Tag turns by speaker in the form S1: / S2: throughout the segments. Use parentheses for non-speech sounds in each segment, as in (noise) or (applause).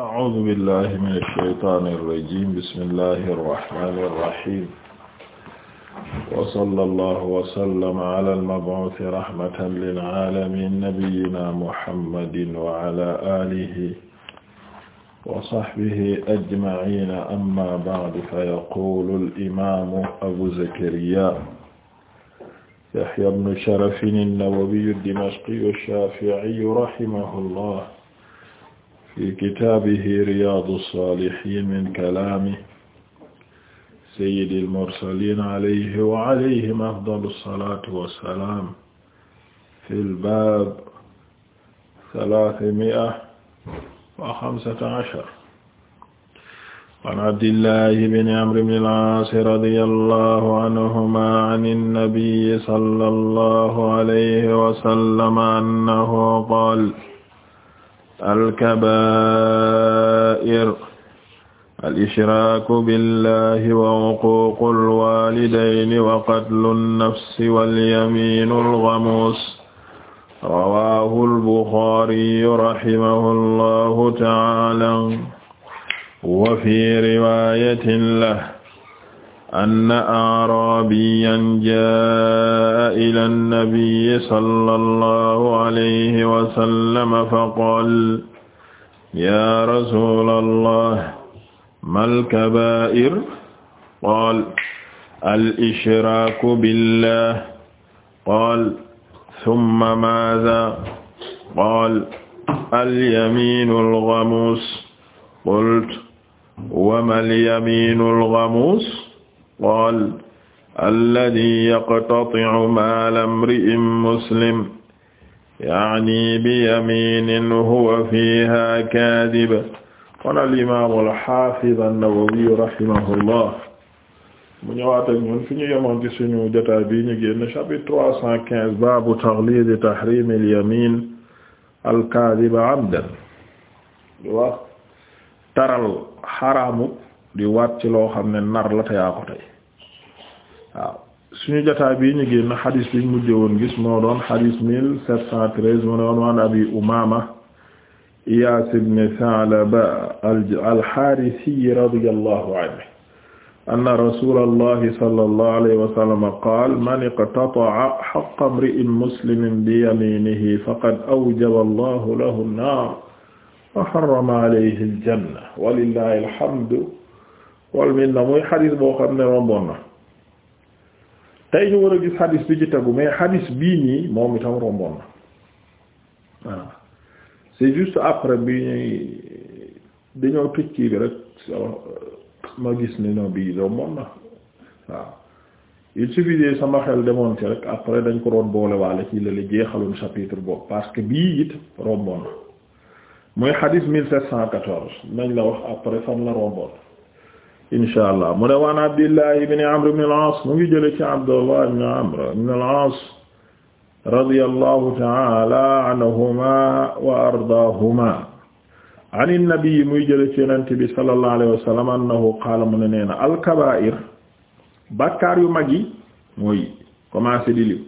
S1: أعوذ بالله من الشيطان الرجيم بسم الله الرحمن الرحيم وصلى الله وسلم على المبعوث رحمة للعالمين نبينا محمد وعلى آله وصحبه أجمعين أما بعد فيقول الإمام أبو زكريا يحيى بن شرف النووي الدمشقي الشافعي رحمه الله fi kitaabihi riyaadu saalihiin min kalaami sayyidil mursaliin alayhi wa alayhim afdalu salaatu wa salaam fil baab salaasami'a wa xamsata ashar an abdillaahi bni amri bnil aas radiyallaahu anhumaa anin nabiyyi sallallaahu alayhi wa sallam annahu qaala alkabair alishraku billahi wa uququ alwalidaini wa qatlu nnafsi walyaminu alghamus rawahu albuxaariyu rahimahu allahu taala wa fi riwayatin lahu anna a'rabiyan jaa'a ila an-nabiyyi sallallahu alayhi wa sallam faqaala yaa rasuulallah mal kabaa'ir qaala al-ishraaku billaah qaala summa maazaa qaala al-yamiinu al-ghamuus qultu wa mal yamiinu al-ghamuus qaal alladi yaqtati'u maala imri'in muslim yaani biyaminin huwa fiha kadib kon alimamu alxafid annawawiyu rahimahullah mu ñëwaat ak ñun fi ñu yemoon ci suñu jotaay bi ñu génn chapitre trois cent quinze baabu taglid tahrim alyamin alkadiba amdan di wax taral xaraamu di waat ci loo xam ne nar la te yaa ko tey waaw suñu jotaay bii ñu génn xadis bi ñu mujj woon gis moo doon xadis 1713 moo doon waan abi umama iyaas ibn Sa'laba al-Haarisi radiyallahu anhu anna rasuulallahi sallallahu alayhi wa sallam qaala man iqtata'a haqqa imri'in muslimin biyamiinihi faqad awjaba allahu lahu an-naar wa harrama alayhi al-janna wa lillahi al-hamdu wal minna muy xadis boo xam ne romboon na tey ñu war a gis xadis bi ci tegu mais xadis bii nii moom itam romboon na waaw c'est juste après bi ñuy dañoo tëj kii bi rek ma gis ni no bii romboon na waaw il suffisait sama xel demoon ci rek après dañ ko doon boole waale ci la la jeexaloon chapitre boobu parce que bii it romboon na mooy xadis 1714 nañ la wax après fan la romboon insha allah mu ne waan Abdullah ibn Amr ibn al-As mu ngi jële ci Abdullah ibn Amr ibn al-As radiyallahu ta'ala anhuma wa ardaahuma an an-nabi muy jële ci yonent bi sallallahu alayhi wa sallam annahu qaala mu ne nee na al-kabaa'ir bàkkaar yu mag yi mooy commencé di liw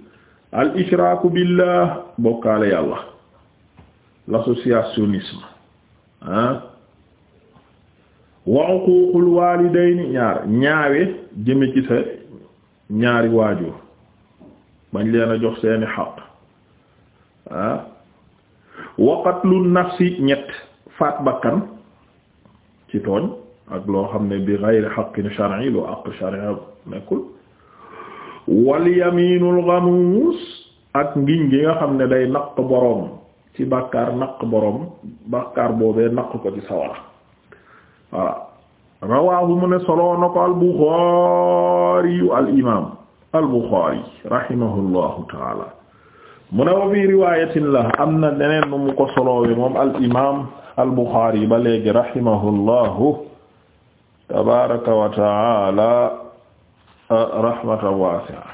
S1: al-ishraaku billah bokkaale yàlla l'associationnisme ah wa uquuqul waalidayni ñaar ñaawe jëme ci sa ñaari waajur bañ leen a jox seeni xaq ah wa qatlun nafsi ñett faat bakkan ci tooñ ak loo xam ne bi ghayri haqqin shar'i lu àq shar'i nekkul wal yaminul ak ngiñ gi nga xam ne day naq boroom ci bàkkaar naq boroom bàkkaar boobee naq ko ci sawara voilà rawaahu mu ne soloo na ko al Buxaari yu al imaam al Buxaari rahimahullahu taala mu ne wa fii riwaayatin la am na deneen nu mu ko soloowe moom al imaam al Buxaari ba léegi rahimahullahu tabaaraka wa taala rahmatan waasi'a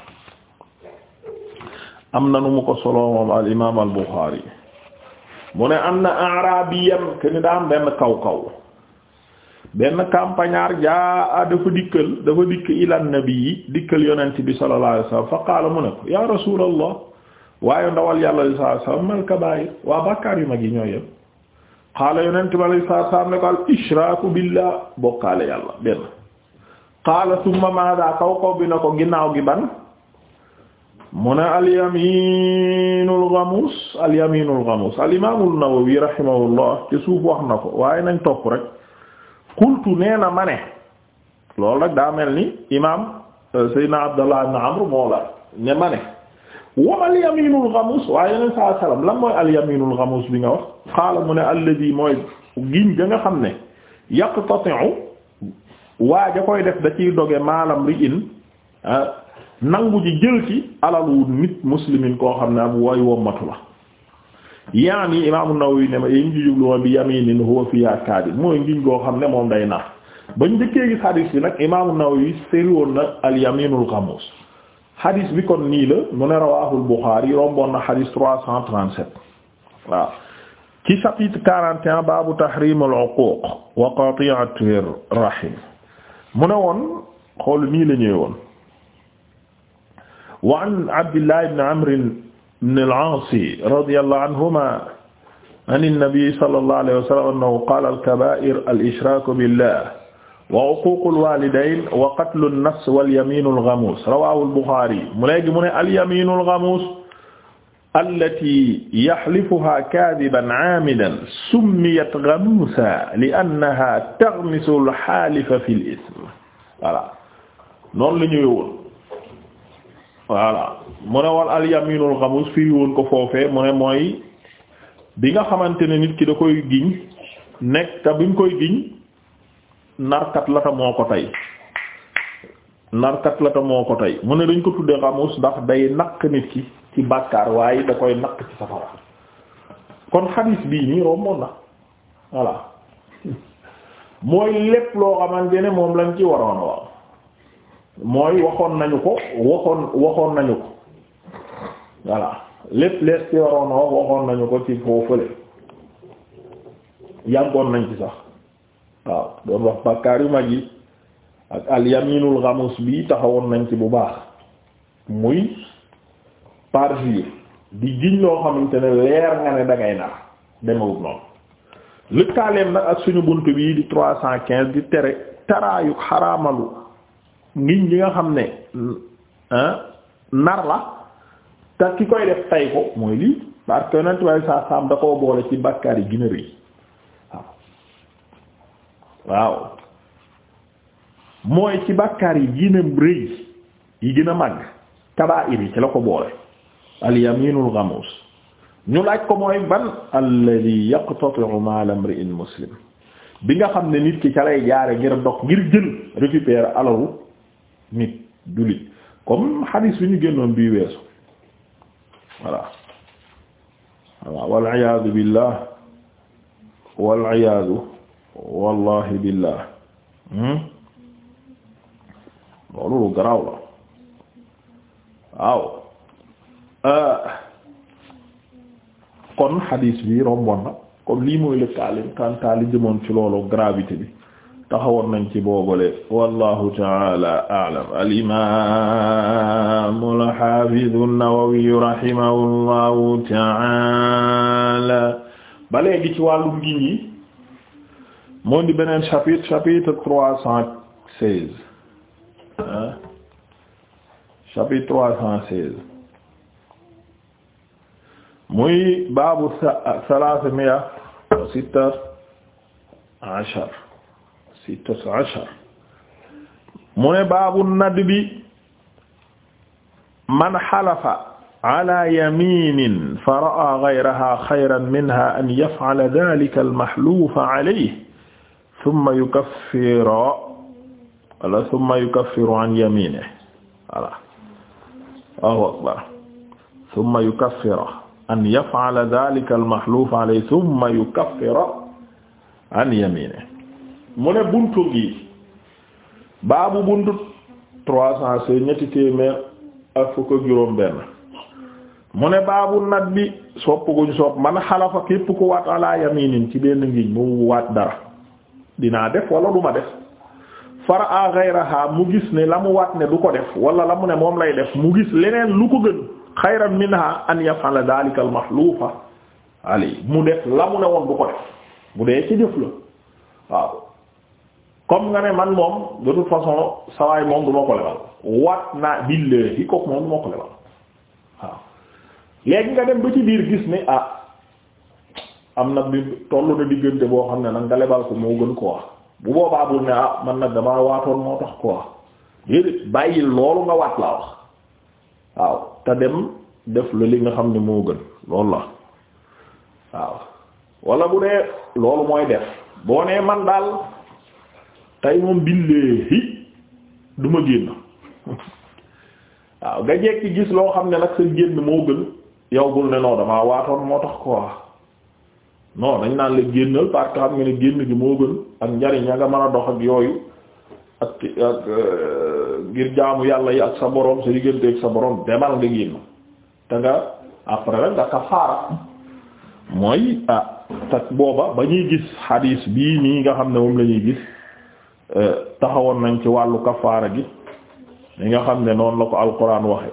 S1: am na nu mu ko soloo moom al imaam al Buxaari mu ne am na a'raabiyan kenn daa am benn kaw kaw benn campagnard jaa ah, dafa dikkal dafa dikk ila nabi dikkal yonent bi sallallahu alayhi wasallam fa qaala mu ne ko ya rasulallah waaye ndawal yàlla sallallahu alayhi wasallam mal waa bàkkaar yu mag yi ñooy yem qaala yonent bi sallallahu alayhi wasallam ne ko al ishraaku billah bokkaale yàlla benn qaala thumma maada kaw kaw bi na ko ginnaaw gi ban mu ne al yaminul ghamus al yaminul ghamus al imaamul nawawi rahimahullah ci suuf na ko waaye nañ topp rek qultu nee na ma loolu nag daa mel ni imaam euh, Seydina Abdallah ibn Amr moo la ne ma ne wa al yaminul ghamus waaye yeneen saa salaam lan mooy al yaminul bi nga wax xaala mu ne alladi mooy giñ ga nga xam ne yaqtati'u waa ja koy def da ciy doge maalam ri'in ah, nangu ji jël ci alalu nit muslimin koo xam ne ab way wommatu la yaani imaamu Nawawi ne ma yéen ñu jublu bi yaminin huwa fiha kadib mooy ngiñ goo xam ne moom day nax bañ njëkkee gis hadis bi nag imaamu Nawawi seri woon na al yaminul xamuus bi kon nii la mu ne rawaahul Buxaari romboon na hadis 337 waaw ci chapitre 41 baabu tahrimul uquuq wa qati'atir rahim mu ne woon xool nii la ñëwee woon wa Abdullah ibn Amr ibn al-Aas radiyallahu anhuma an an-nabi sallallahu alayhi wa sallam annahu qala al-kaba'ir al-ishraku billah wa uququ al-walidayn wa qatlu an-nafs wal-yaminu al-ghamus rawahu al-Bukhari mu léegi mu ne al-yaminu al-ghamus allati yahlifuha kadiban amidan summiyat ghamusa li'annaha taghmisu al-halifa fi al-ithm voilà noonu la ñuy woon voilà mu ne wal al xamus firi woon ko foofee mu ne mooy bi nga xamante ne nit ki da koy giñ nekk te bi mu koy giñ narkat la ta moo ko tey narkat la ta moo ko tey mu ne dañ ko tuddee xamus ndax day naq nit ki ci bàkkaar waaye da koy naq ci safara kon xadiis bii nii romboon na voilà (laughs) mooy lépp loo xamante ne moom lañ ci waroon a mooy waxoon nañu ko waxoon waxoon nañu ko voilà lépp lees ci waroon wax waxoon nañu ko ci foofule yàggoon nañ ci sax waaw doon wax bàkkaar yu mag yi ak al yaminul ghamus bi taxawoon nañ ci bu baax muy par jour di giñ loo xamante ne leer nga ne da nar demawut noonu lëkkaaleem nag ak suñu bunt bii di trois cent quinze di tere taraayu xaraamalu ngiñ gi nga xam ne ah, nar la te ki koy def tay ko mooy lii parce que yonent way sa saam da koo boole ci bàkkaar yi gën rëy waaw mooy ci bàkkaar yi gën a rëy yi gën a màgg kabaa'ir yi ci la ko boole al yaminul ghamus ñu laaj ko mooy ban alladhi yaqtati'u mal imri'in muslim bi nga xam ne nit ki ca lay jaare ngir dox ngir jël récupérer alalu nit jullit comme xadiis bi ñu génnoon bii weesu voilà voilà wal iyaadu billah wal hmm? loolu lu garaaw la euh, kon xadiis bi romboon na lii mooy lëkkaale kantaali jëmoon ci loolu gravité bi taxawoon nañ ci boobale wallahu taala a'lam al-imam al-hafiz an-Nawawi rahimahullahu taala ba léegi ci wàllu ngi yi moo di beneen chapitre chapitre trois cent seize ah chapitre trois cent seize muy baabu salaasa mi'a sitta ashar sittata ashar mu ne baabu nadbi man xalafa ala yaminin fa ra'a ghayraha xayran minha an yaf'ala dhalika almahlufa alayhi thumma yukaffiru wala thumma yukaffiru an yaminihi wala Allahu akbar thumma yukaffiru an yaf'ala dhalika almahlufa alayhi thumma yukaffiru an yaminihi mu ne buntu gi baabu buntu trois cent cinq ñetti téeméer ak fukk ak juróom benn mu ne baabu nat bi sopp guñ sopp man xalafa képp ku waat ala yaminin ci benn ngiñ mu waat dara dinaa def wala du ma def fara a xayraha mu gis ne la mu waat ne du ko def wala la mu ne moom lay def mu gis leneen lu ko gën xayran minha an yafala dalika al mahlufa ali mu def la mu ne woon du ko def bu dee ci jëf la waaw comme nga ne man moom de toute façon sawaay moom du ko lebal waat naa billahi kooku moom du ko lebal waaw léegi nga dem ba ci biir gis ni ah am na bi tollu na diggante boo xam ne nag nga lebal ko moo gën ko wax bu boobaa ne ah man nag damaa waatoon moo tax ko wax déedéet bàyyil loolu nga waat laa wax waaw te dem def la li nga xam ne moo gën loolu la waaw wala bu dee loolu mooy def boo nee man daal tey moom billaahi du ma génn waaw nga jekki gis loo xam ne nag sa génn moo gën yow bul ne noo damaa waatoon moo tax quoi non dañ naan la génnal parce que nga ne génn gi moo gën ak njariñ ya nga mën a dox ak yooyu ak ak euh, ngir jaamu yàlla yi ak sa borom sa diggante ak sa borom demal nga génn te nga après nga kafaara mooy ah tak booba ba ñuy gis xadiis bii nii nga xam ne moom lañuy ñuy gis Euh, taxawoon nañ ci wàllu kafaara gi li nga xam ne noonu la ko alquran waxe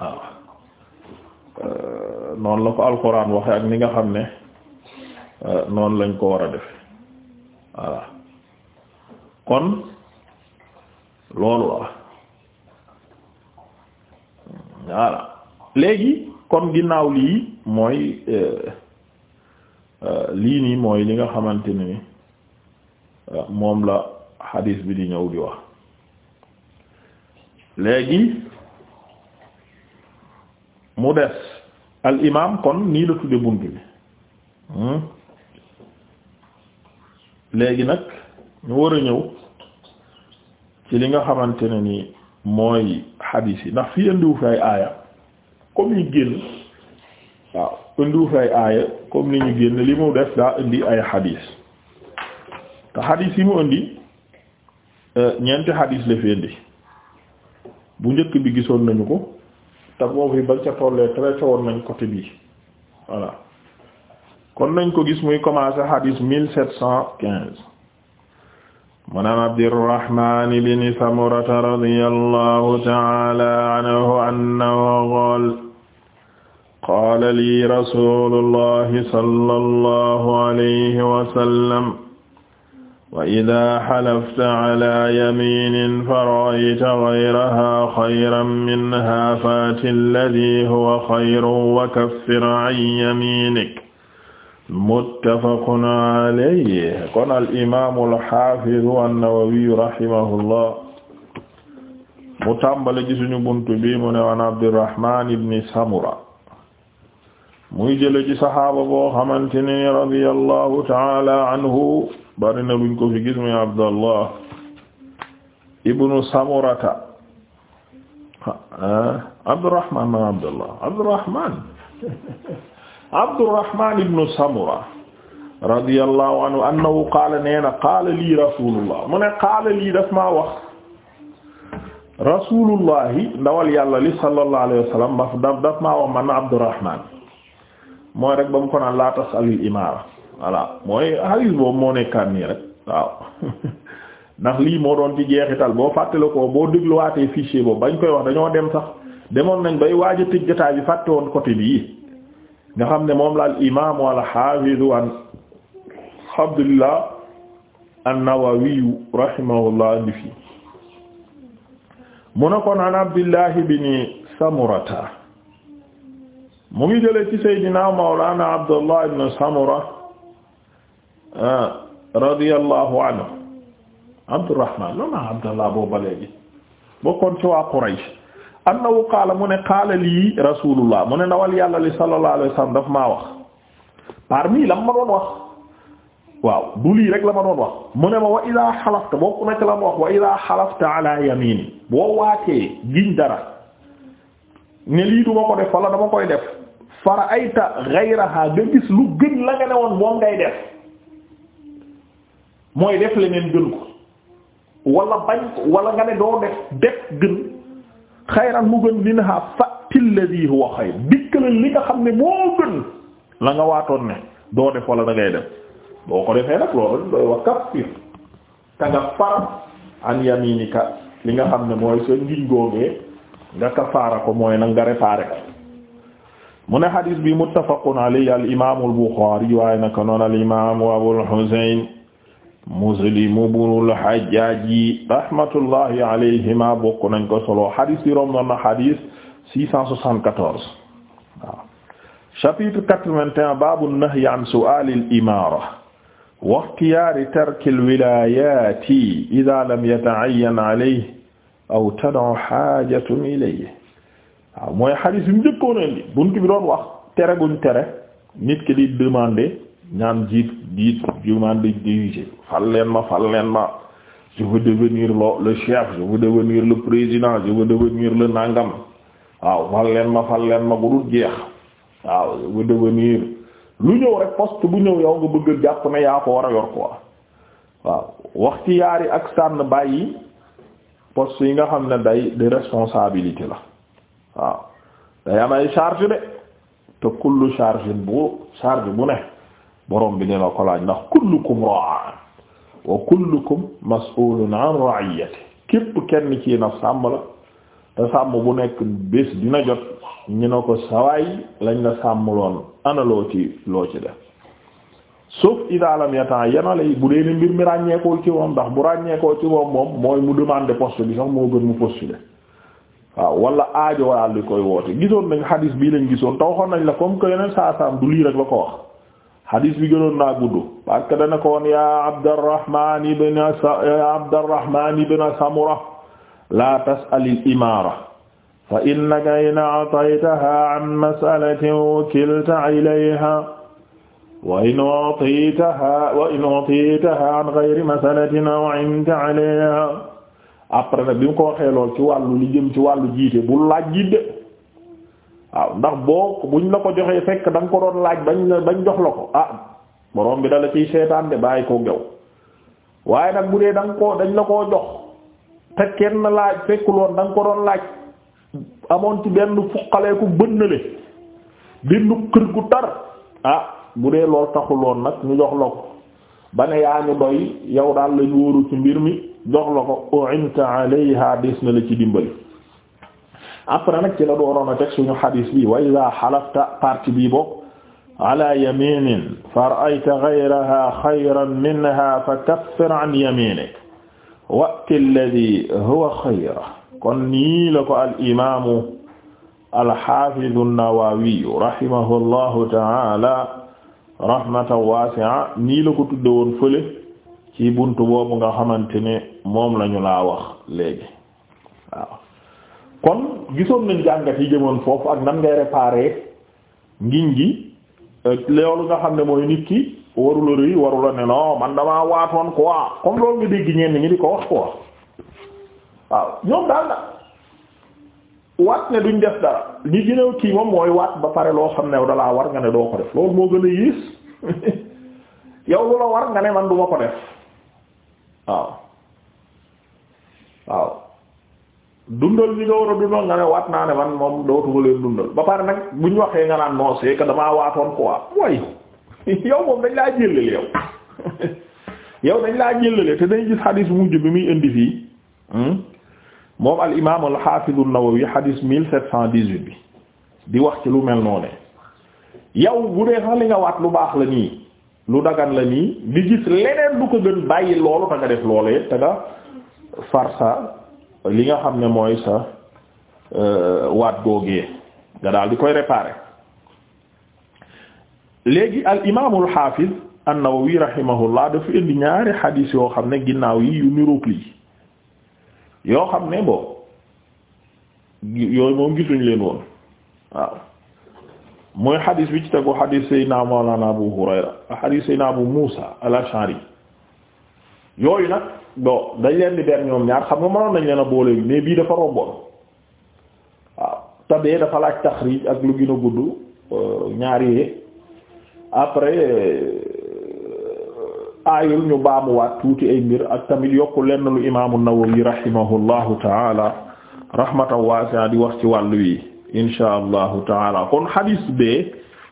S1: waaw euh, noonu la ko alquran waxe ak ni nga xam ne euh, noonu lañ ko war a def voilà kon loolu la voilà léegi kon ginnaaw lii mooy lii nii mooy li nga xamante ni moom la xadiis bi di ñëw di wax léegi mu des al imaam kon nii la tudde bunt bi hmm? léegi nag ñu war a ñëw ci li nga xamante ne ni mooy xadiis yi ndax fi indiwu fi ay aaya comme ñu génn waaw indiwu fi ay aaya comme ni ñu génn li mu def daa indi ay xadiis te xadis yi mu indi euh, ñeenti xadis la fi indi bu njëkk bi gisoon nañu ko te boobu yi bañ ca tollee traité woon nañ côté bii voilà kon nañ ko gis muy commencé xadis mille sept cent quinze mu naan Abdirrahman ibn Samurata radiyallahu ta'ala anhu annahu qaala qaala lii rasuulullahi sallallahu alayhi wa wa idaa xalafta ala yamiinin fara'ayta gayrahaa xayran minhaa faati alladii huwa xayrun wa kaffir an yamiinik muttafaqun alayhi kon al imaamul xaafidu an-Nawawi rahimahullah mu tàmbali ci suñu buntu bi mu ne an Abdirrahmaan ibn Samura muy jële ci saxaaba boo xamante ne radiyallahu taala anhu bari na luñ ko fi gis muy Abdallah ibnu Samurata eh, Abdurrahman man Abdallah Abdurrahman (laughs) Abdurrahman ibnu Samura radiyallahu anhu annahu qaala neena qaala lii rasulullah mu ne qaala lii daf maa wax rasulullahi ndawal yàlla li sallallahu alayhi wa sallam daf maa wax man Abdurrahman mooy rek ba mu ko naan laa tas alil imaara voilà mooy hadis boobu moo nekkaan nii rek waaw (laughs) ndax lii moo doon ci jeexital boo fàttale ko boo dégluwaatee fichier boobu bañ koy wax dañoo dem sax demoon nañ bay waaj a tëj jotaay bi fàtte woon côté bii nga xam ne moom la al imaamu al xaafidu an Abdullah an-Nawawi rahimahullah indi fii mu ne kon an Abdullah ibn Samurata mu ngi jëlee ci Seydina Mawlana Abdullah ibn Samura ah, radiyallahu anhu Abdurrahman la ma Abdullah boobu ba ci waa Quraysh annahu qaala mu ne qaala lii rasulullah mu ne ndawal yàlla li sallallahu alayhi wax parmi la ma doon wax waaw du lii rek la ma doon wax mu ne ma wa idaa xalafta bokk la ma wax wa idaa xalafta waatee giñ dara ne lii duma ko def wala dama koy def fara ayta ghayraha nga gis lu gën la nga ne woon moom ngay def mooy def leneen gën ko wala bañ ko nga ne doo def def gën xayran mu gën minha li nga xam ne moo gën la nga waatoon ne doo def wala da ngay def boo ko defee nag loolu dooy wax kaffir te nga far an yaminika li nga xam ne mooy sa ngiñ googee nga kafaara ko mooy nag nga réparé mu ne xadis bi muttafaqun alayhi al imaamu al buxaari waaye naka noonu al imaamu abul xusayn muslim ibnul hajjaaji rahmatullahi alayhima bokk nañ ko solo xadis bi romb na xadis 674 waaw chapitre 81 baabu nahyi an su'aali al imaara wa ixtiyaari tarki al wilaayaati idaa lam yata'ayyan alayhi aw tad'u haajatun ilayhi waaw mooy xadiis bi mu njëkkoon indi bunt bi doon wax tere guñ tere nit ki di demander ñaan jiit jiit demander diriger fal leen ma fal leen ma je veux devenir le le chef je veux devenir le président je veux devenir le nangam waaw fal leen ma fal leen ma bu dul jeex waaw je devenir lu ñëw rek poste bu ñëw yow nga bëgg jàpp ne yaa ko war a yor quoi waaw wax ci yaari ak sànn bàyyi poste yi nga xam ne day de responsabilité la. waaw day am ay charge de te kullu charge bu charge bu ne borom bi ne la ko laaj ndax kullukum ra'an wa kullukum mas'ulun an ra'iyati képp kenn ci naf sàmm la te sàmm bu nekk bés dina jot ñu ne ko sawaay lañ la sàmmloon ana loo ci loo ci def sauf ida lam yata'ayyana lay bu dee ni mbir mi ràññeekoo ci moom ndax bu ràññeekoo ci moom moom mooy mu demander poste bi sax moo gën mu postuler waaw wala aajo wala li koy woote gisoon nañ xadis bii lañ gisoon te waxoon nañ la comme que yeneen saasaam du lii rek la ko wax xadis bi gënoon naa gudd parce que dana ko woon ya Abdurrahman ibn ya Abdurrahman ibn Samura la tas'alil imaara fa innaka in a'taytaha an mas'alatin wukilta ilayha wa in a'taytaha wa in a'taytaha an ghayri mas'alatin aw 'inta 'alayha après nag bi mu ko waxee lool ci wàllu li ci wàllu jiite bul laaj jiite waaw ndax boo buñ la ko joxee fekk da nga ko doon laaj bañ jox la ko ah borom bi dala ciy seetaan bàyyi ko gew waaye nag bu dee da dañ la koo jox kenn laaj fekkuloon da nga laaj amoon ci benn fuqaleeku bënnale benn kër gu tar ah bu dee lool taxuloon nag ñu jox la ko ba ne yaa ñu doy yow daal lañu wóoru ci mbir mi jox la ko u'inta alayha des na la ci dimbali après nag ci la dooroon a teg suñu xadiis bi wa iza xalafta partie bii bokk ala yaminin fa ra'ayta ghayraha xayran minha fa kaffir an yaminik wa'ti alladhi huwa xayra kon nii la ko al imaamu al xaafiz an-Nawawi rahimahullahu ta'ala rahmatan wasi'a nii la ko tudde woon fële ci buntu boobu nga xamante ne moom lañu laa wax léegi waaw kon gisoon nañ jàngat yi jëmoon foofu ak nan ngay réparer ngiñ gi euh, loolu nga xam ne mooy nit ki warula rëy warula ne non man damaa waatoon quoi comme loolu nga dégg ñenn ñi di ko wax quoi waaw ñoom daal la waat ne duñ def dara li gënaw kii moom mooy waat ba pare loo xam ne dalaa war nga ne doo ko def loolu moo gën a yées (laughs) yow lu la war nga ne man duma ko def waaw waaw dundal bi nga war a dundal nga ne waat naa ne man moom dootuma leen dundal ba pare nag bu ñu waxee nga naan non c'est que damaa waatoon quoi mooy yow moom dañ laa jëlale yow (laughs) yow dañ laa jëlale te dañ gis xadiis mujj bi muy indi fii hmm? moom al imaam al xaafiz xadiis mille sept cent dix-huit bi di wax ci lu mel noonu yow bu dee sax li nga waat lu baax la nii lu dagan la nii di gis leneen bu ko gën bàyyi loolu te nga def loolee te nga far li nga xam ne mooy sa euh, waat googee nga daal di koy réparer léegi al imaamul xaafiz an-Nawawi rahimahullah dafa indi ñaari xadiis yoo xam ne ginnaaw yi yu niroog lii yoo xam ne boobu yooyu moom gisuñ leen woon waaw mooy xadiis bi ci tegu xadiis Seydina Mawlana Abu Hurayra xadiis Seydina Abu Muusa al-Ash'ari yooyu nag bon dañ leen di ber ñoom ñaar xam nga mënoon nañ leen a boole mais bii dafa romboon waaw tabee dafa laaj taxrij ak lu gën gudd euh, ñaari yee après euh, aayul ñu baamuwaat tuuti ay mbir ak tamit yokk lenn lu imaamu Nawawi rahimahullahu taala di wax ci wàll yi insha allahu taala kon xadiis bee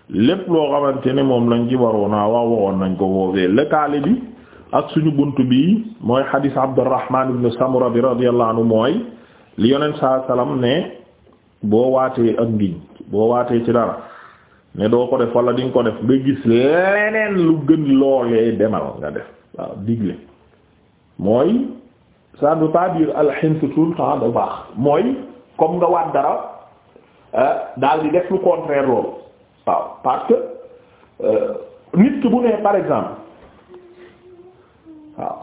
S1: lépp loo xamante ne moom lañ ci waroon a wax waxoon nañ ko foofee lëkkaale bi ak suñu bunt bi mooy xadiis Abdurrahman ibn Samura bi radiyallahu anhu mooy li yonent saa salaam ne boo waatee ak ngiñ boo waatee ci dara ne doo ko def wala di ko def ba gis leneen lu gën loolee demal nga def waaw digle mooy ça ne veut pas dire alxins baax mooy comme nga waat dara euh, daal di def lu contraire loolu waaw parce euh, nit ki bu nee par exemple waaw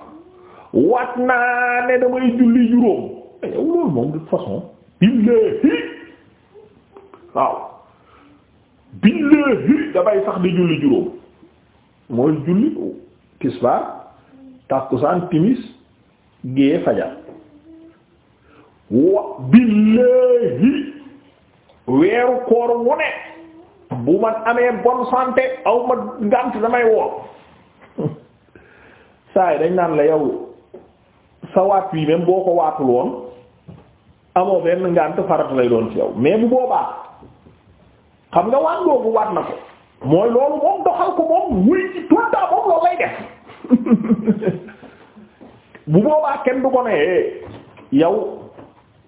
S1: wat naa ne damay julli juróom eh, yow loolu moom de façon billaahi waaw billaahi damay sax di julli juróom mooy julli tisbaar tàkkusaan timis gée fajar wa billaahi weeru koor wu ne bu man amee bonne santé aw ma ngànt damay woor saa dañ naan la yow sa waat wi même boo ko waatul woon amoo benn ngànt farata lay doon ci yow mais bu boobaa xam nga waat boobu waat na ko mooy loolu moom doxal ko moom wuy ci tout moom loolu lay def (laughs) bu boobaa kenn du ko ne eh, yow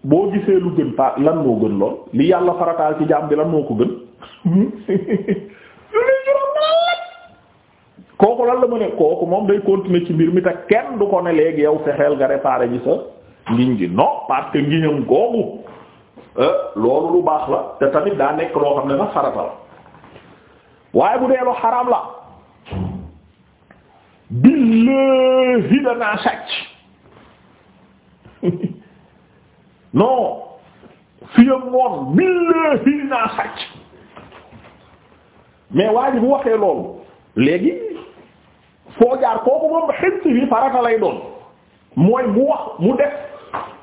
S1: boo gisee lu gën pa lan moo gën lool li yàlla farataal ci jaam bi lan moo ko gën (laughs) kooku lan la ma ne kooku moom day continuer ci mbir mi te kenn du ko ne léegi yow fexeel nga réparer ji sa ngiñ gi non parce que ngiñam googu euh, loolu lu baax la te tamit daa nekk loo xam ne sax farata la waaye bu dee lu xaraam la billahi danaa sàcc (laughs) non fiyam moom billahi danaa sàcc mais waa bu waxee loolu léegi foo jaar kooku moom xëj si bi farata lay doon mooy mu wax mu def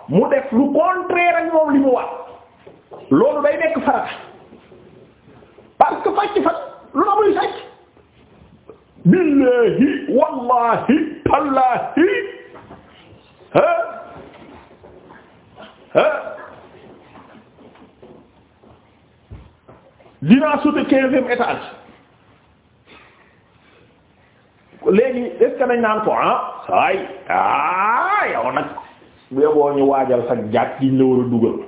S1: mu def lu contraire ak moom li mu wax loolu day nekk farata parce que fàcc lu na muy sàcc billahi wallahi tallahi ha ha dinaa sauter quinzième étage que dañ naan ko ah saay ah yow nag beboo ñu waajal sa jàkk giñ la war a dugal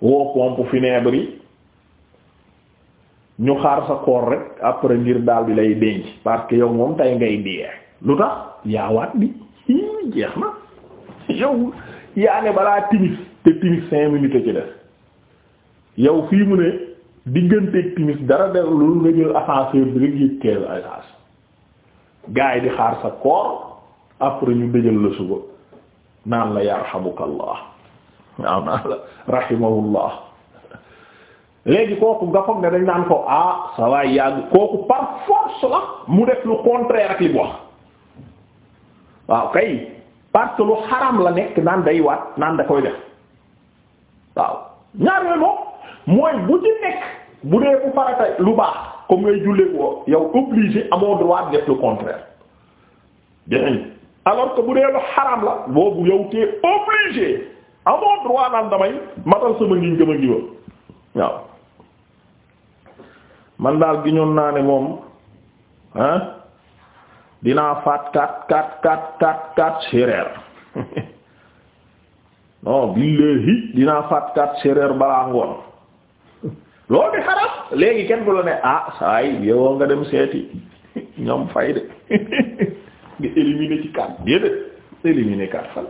S1: woo pompe funèbre yi ñu xaar sa koor rek après ngir daal di lay denc parce que yow moom tey ngay dee lu tax yaawaat bi jeex na yow yaa ne balaa timis te timis cinq minutes ci def yow fii mu ne digganteeg timis dara def lu nga jël ascenseur bi rek yëg kees ay gaa yi di xaar sa koor après ñu dëjal la suba naan la yarhamukallah waaw naan la rahimahullah léegi kooku nga foog ne dañ naan ko ah ça va yàgg kooku par la mu def lu contraire ak li bu waaw kay parce lu xaram la nekk naan day waat naan da koy def waaw ñaar yooyu moom mooy bu ci nekk bu dee bu farata lu baax comme ngay jullee ko yow obligé amoo droit def le contraire bien alors que bu dee lu xaraam la boobu yow te obligé amoo droit naan damay matal sama ngiñ gëm ngi waaw man daal gi ñoon naa ne moom ah dinaa faat kat kat kat kat kat séeréer (laughs) non billahi dinaa faat kat séeréer balaa ngoon loolu di xaram léegi kenn du la ne ah saa yi yow nga dem seeti ñoom fay de nga éliminer ci carte déedéet éliminer carte fan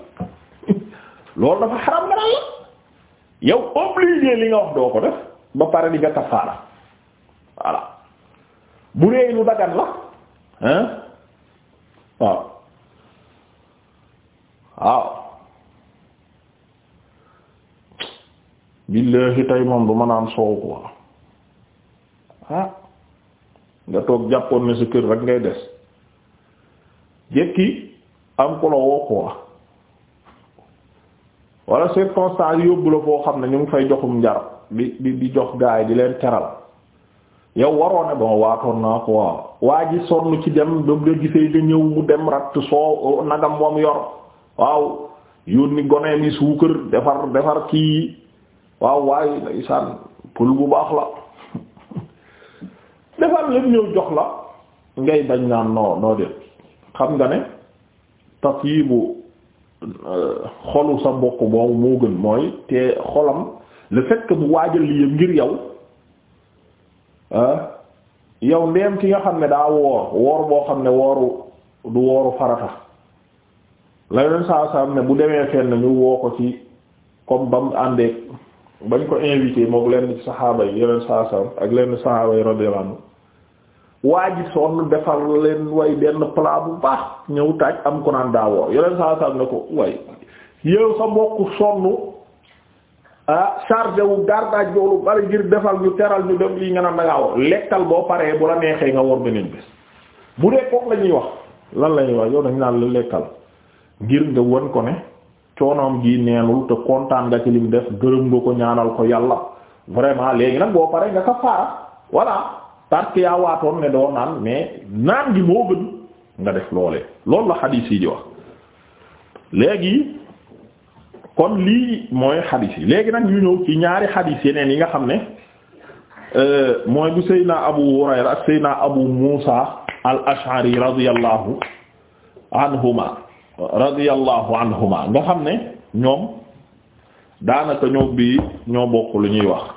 S1: loolu dafa xaram nga la yow obligé li nga wax doo ko def ba pare di nga kafaara voilà bu dee lu dagan la hein waaw waaw billahi tey moom bu ma naan soow ko ah nga toog jàppoon ne sa kër rek ngay des jekki am ku la woo ko wala circonstance yóbbu la foo xam ne ñu ngi fay joxum njar di di di jox gaay di leen teral yow waroon ne bon waatoon naa ko waaw waa ji sonn ci dem ba mu gisee nga ñëw mu dem ratt soo nagam moom yor waaw yónni goneem yi suukar defar defar kii waaw waaye ndeysaan pël bu baax la (laughs) defar leen ñëw jox la ngay bañ naan noo noo dem xam nga ne tatyibu euh, xolu sa mbokk mooy te xolam le fait que mu waajal li yëpp ngir yow ah, yow ndeem ki nga xam ne daa woor woor boo xam ne wooru du wooru farata la yoon saa saa ne bu demee fenn ñu woo ko ci comme ba mu bañ ko invité mook lenn ci saxaaba yi yeneen saasam ak lenn saxaaba yi radiyallahu anhu waa ji sonn defar leen way benn plat bu baax ñëw taaj am ko naan daa woor yeneen saasam ne ko way yow sa mbokk sonn ah chargé wu gardaaj boolu bari ngir defal ñu teral ñu dem lii nga naan dangaa woor lekkal boo paree bu la neexee nga woor beneen bi bu dee kook la ñuy wax lan lañuy ñuy wax yow dañ naan la lekkal ngir nga won ko ne coonoom gi neenul te kontaan nga ci lim def gërëm nga ko ñaanal ko yàlla vraiment léegi nag boo pare nga kafaara voilà parce que yaa waatoon ne doo naan mais naan gi moo gën nga def loolee loolu la xadiis yi di wax léegi kon lii mooy xadiis yi léegi nag ñu ñëw ci ñaari xadiis yeneen yi nga xam ne euh, mooy bu Seydina Abu Hurayra ak Seydina Abu Muusa al Ash'ari radiyallahu anhuma radiyallahu anhuma nga xam ne ñoom daanaka ñoo bii ñoo bokk lu ñuy wax